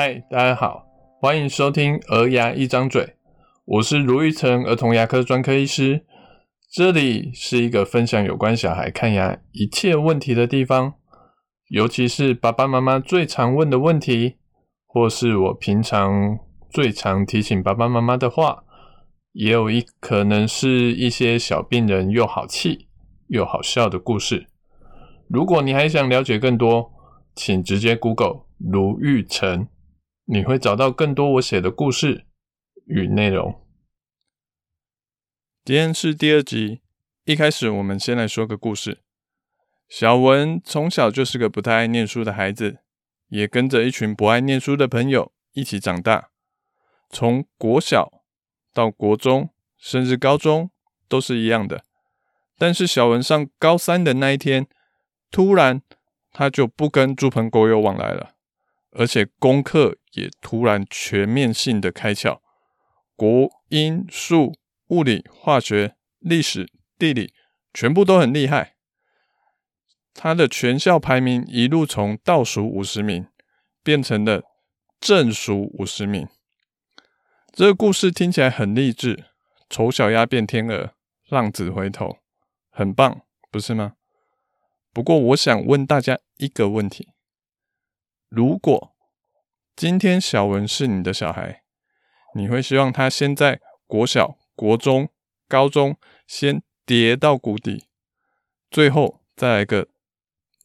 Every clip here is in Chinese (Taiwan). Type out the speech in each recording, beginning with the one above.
嗨，Hi, 大家好，歡迎收聽《兒牙一張嘴》，我是盧育成兒童牙科專科醫師，這裡是一個分享有關小孩看牙一切問題的地方，尤其是爸爸媽媽最常問的問題，或是我平常最常提醒爸爸媽媽的話，也有一可能是一些小病人又好氣又好笑的故事。如果你還想了解更多，請直接 Google 盧育成。你會找到更多我寫的故事與內容。今天是第二集，一開始我們先來說個故事。小文從小就是個不太愛念書的孩子，也跟着一群不愛念書的朋友一起長大。從國小到國中，甚至高中都是一樣的。但是小文上高三的那一天，突然他就不跟豬朋狗友往來了。而且功課也突然全面性的開竅，國英數、物理、化學、歷史、地理，全部都很厲害。他的全校排名一路從倒數五十名變成了正數五十名。這個故事聽起來很勵志，醜小鴨變天鵝，浪子回頭，很棒，不是嗎？不過，我想問大家一個問題。如果今天小文是你的小孩，你會希望他先在國小、國中、高中先跌到谷底，最後再來個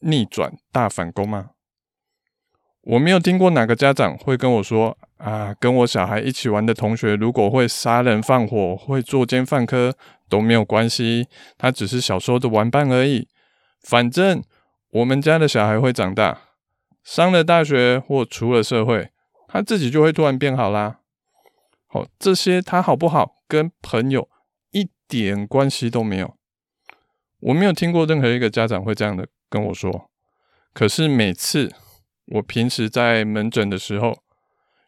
逆轉大反攻嗎？我沒有聽過哪個家長會跟我說：“啊，跟我小孩一起玩的同學，如果會殺人放火、會作奸犯科都沒有關係，他只是小時候的玩伴而已，反正我們家的小孩會長大。”上了大學或出了社會，他自己就會突然變好啦。好，這些他好不好跟朋友一點關係都沒有。我沒有聽過任何一個家長會這樣的跟我說。可是每次我平時在門診的時候，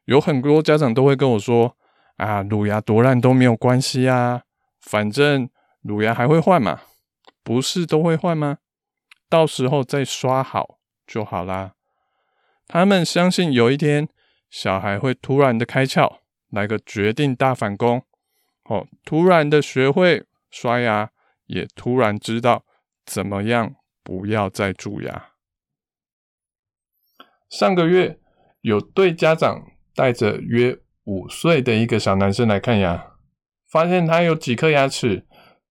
有很多家長都會跟我說：“啊，乳牙多爛都沒有關係啊，反正乳牙還會換嘛，不是都會換嗎？到時候再刷好就好啦。”他們相信有一天，小孩會突然的開竅，來個決定大反攻。哦，突然的學會刷牙，也突然知道怎麼樣不要再蛀牙。上個月有對家長帶着約五歲的一個小男生來看牙，發現他有幾顆牙齒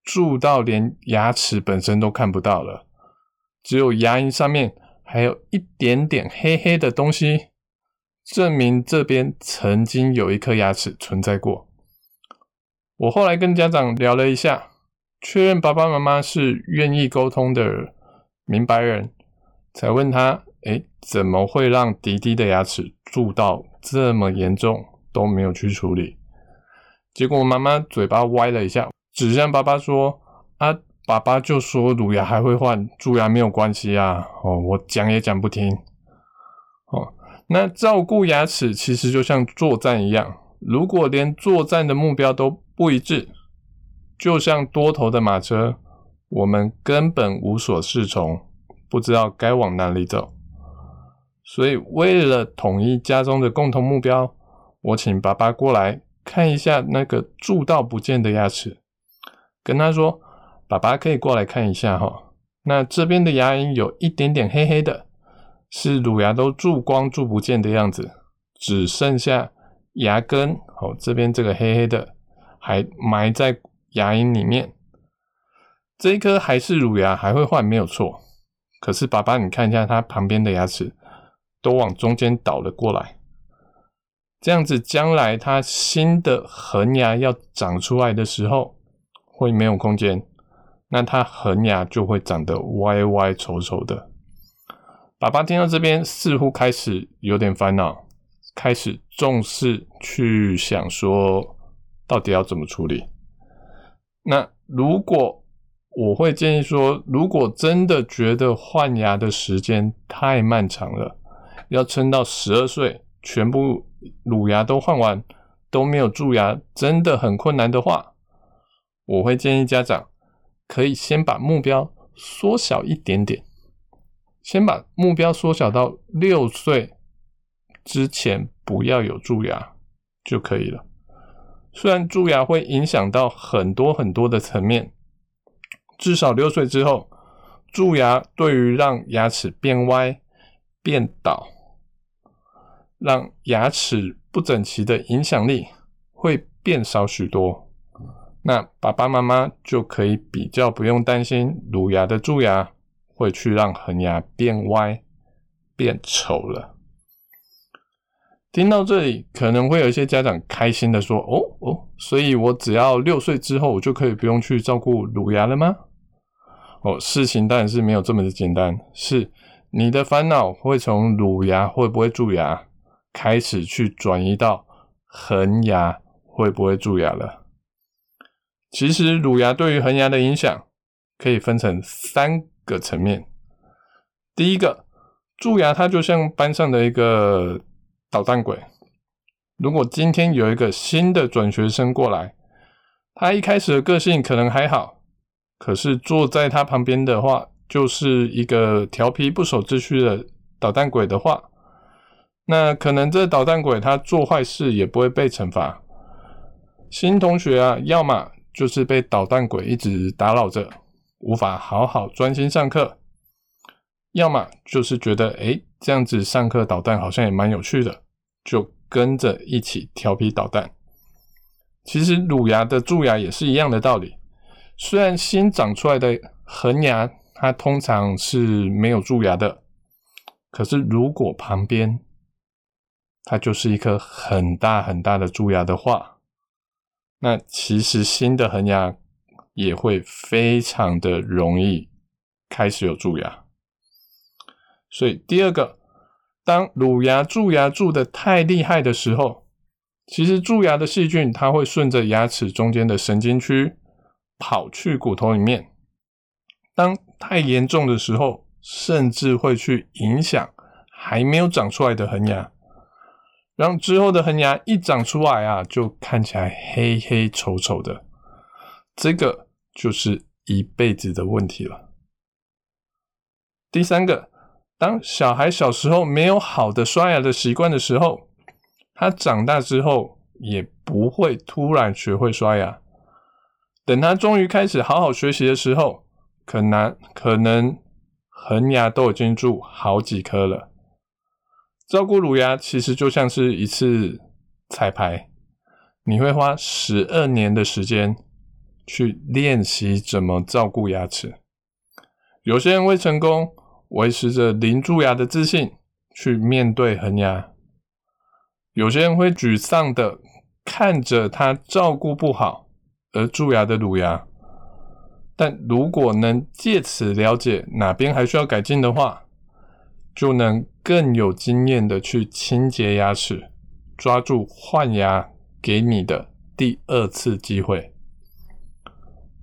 蛀到連牙齒本身都看不到了，只有牙齦上面，還有一點點黑黑的東西，證明這邊曾經有一顆牙齒存在過。我後來跟家長聊了一下，確認爸爸媽媽是願意溝通的明白人，才問他：欸，怎麼會讓迪迪的牙齒蛀到這麼嚴重，都沒有去處理？結果媽媽嘴巴歪了一下，指向爸爸說：啊。爸爸就說：“乳牙還會換，蛀牙沒有關係啊。”哦，我講也講不聽。哦，那照顧牙齒其實就像作戰一樣，如果連作戰的目標都不一致，就像多頭的馬車，我們根本無所適從，不知道該往哪裡走。所以，為了統一家中的共同目標，我請爸爸過來看一下那個蛀到不見的牙齒，跟他說。爸爸可以過來看一下哈，那這邊的牙齦有一點點黑黑的，是乳牙都蛀光蛀不見的樣子，只剩下牙根。哦，這邊這個黑黑的還埋在牙齦裡面，這一顆還是乳牙，還會換沒有錯。可是爸爸，你看一下它旁邊的牙齒都往中間倒了過來，這樣子將來它新的恆牙要長出來的時候會沒有空間。那他恆牙就會長得歪歪醜醜的。爸爸聽到這邊，似乎開始有點煩惱，開始重視去想說，到底要怎麼處理。那如果我會建議說，如果真的覺得換牙的時間太漫長了，要撐到十二歲，全部乳牙都換完，都沒有蛀牙，真的很困難的話，我會建議家長。可以先把目標縮小一點點，先把目標縮小到六歲之前不要有蛀牙就可以了。雖然蛀牙會影響到很多很多的層面，至少六歲之後，蛀牙對於讓牙齒變歪、變倒、讓牙齒不整齊的影響力會變少許多。那爸爸媽媽就可以比較不用擔心乳牙的蛀牙會去讓恆牙變歪、變醜了。聽到這裡，可能會有一些家長開心的說：“哦哦，所以我只要六歲之後，我就可以不用去照顧乳牙了嗎？”哦，事情當然是沒有這麼的簡單，是你的煩惱會從乳牙會不會蛀牙開始去轉移到恆牙會不會蛀牙了。其實乳牙對於恆牙的影響可以分成三個層面。第一個，蛀牙它就像班上的一個搗蛋鬼。如果今天有一個新的轉學生過來，他一開始的個性可能還好，可是坐在他旁邊的話，就是一個調皮不守秩序的搗蛋鬼的話，那可能這搗蛋鬼他做壞事也不會被懲罰。新同學啊，要麼，就是被搗蛋鬼一直打擾着，無法好好專心上課；要麼就是覺得，誒、欸、這樣子上課搗蛋好像也蠻有趣的，就跟着一起調皮搗蛋。其實乳牙的蛀牙也是一樣的道理。雖然新長出來的恆牙它通常是沒有蛀牙的，可是如果旁邊它就是一顆很大很大的蛀牙的話。那其實新的恆牙也會非常的容易開始有蛀牙。所以第二個，當乳牙蛀牙蛀得太厲害的時候，其實蛀牙的細菌它會順着牙齒中間的神經區跑去骨頭裡面，當太嚴重的時候，甚至會去影響還沒有長出來的恆牙。讓之後的恆牙一長出來啊，就看起來黑黑醜醜的，這個就是一輩子的問題了。第三個，當小孩小時候沒有好的刷牙的習慣的時候，他長大之後也不會突然學會刷牙。等他終於開始好好學習的時候，可能可能恆牙都已經蛀好幾顆了。照顧乳牙其實就像是一次彩排，你會花十二年的時間去練習怎麼照顧牙齒。有些人會成功維持着零蛀牙的自信去面對恆牙，有些人會沮喪的看着他照顧不好而蛀牙的乳牙。但如果能借此了解哪邊還需要改進的話，就能更有經驗的去清潔牙齒，抓住換牙給你的第二次機會。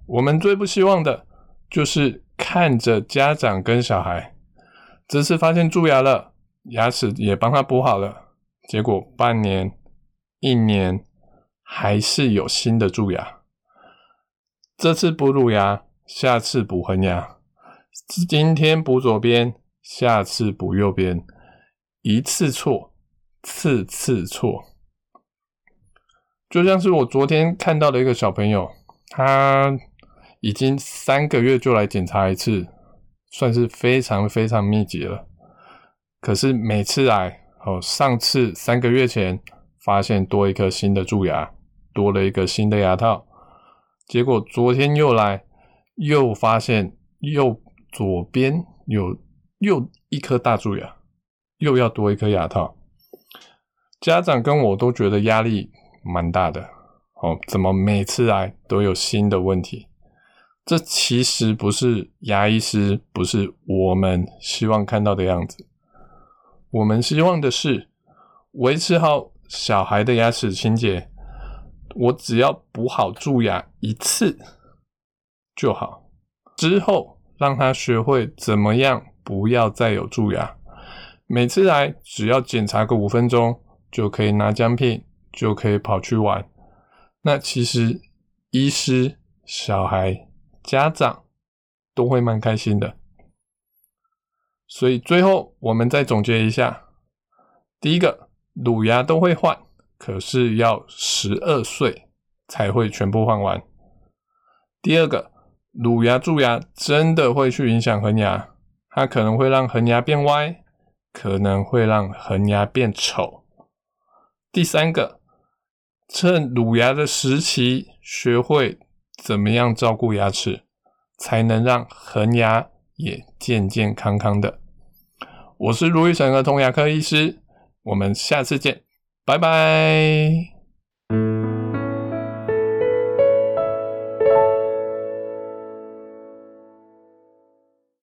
我們最不希望的就是看着家長跟小孩，這次發現蛀牙了，牙齒也幫他補好了，結果半年、一年還是有新的蛀牙。這次補乳牙，下次補恆牙，今天補左邊，下次補右邊。一次錯，次次錯，就像是我昨天看到的一個小朋友，他已經三個月就來檢查一次，算是非常非常密集了。可是每次來，哦，上次三個月前發現多一顆新的蛀牙，多了一個新的牙套，結果昨天又來，又發現右左邊有又一顆大蛀牙。又要多一顆牙套，家長跟我都覺得壓力蠻大的，哦，怎麼每次來都有新的問題？這其實不是牙醫師，不是我們希望看到的樣子。我們希望的是維持好小孩的牙齒清潔，我只要補好蛀牙一次就好，之後讓他學會怎麼樣不要再有蛀牙。每次來只要檢查個五分鐘，就可以拿獎品，就可以跑去玩。那其實醫師、小孩、家長都會蠻開心的。所以最後我們再總結一下：第一個，乳牙都會換，可是要十二歲才會全部換完；第二個，乳牙蛀牙真的會去影響恆牙，它可能會讓恆牙變歪。可能會讓恆牙變醜。第三個，趁乳牙的時期，學會怎麼樣照顧牙齒，才能讓恆牙也健健康康的。我是盧育成兒童牙科醫師，我們下次見，拜拜。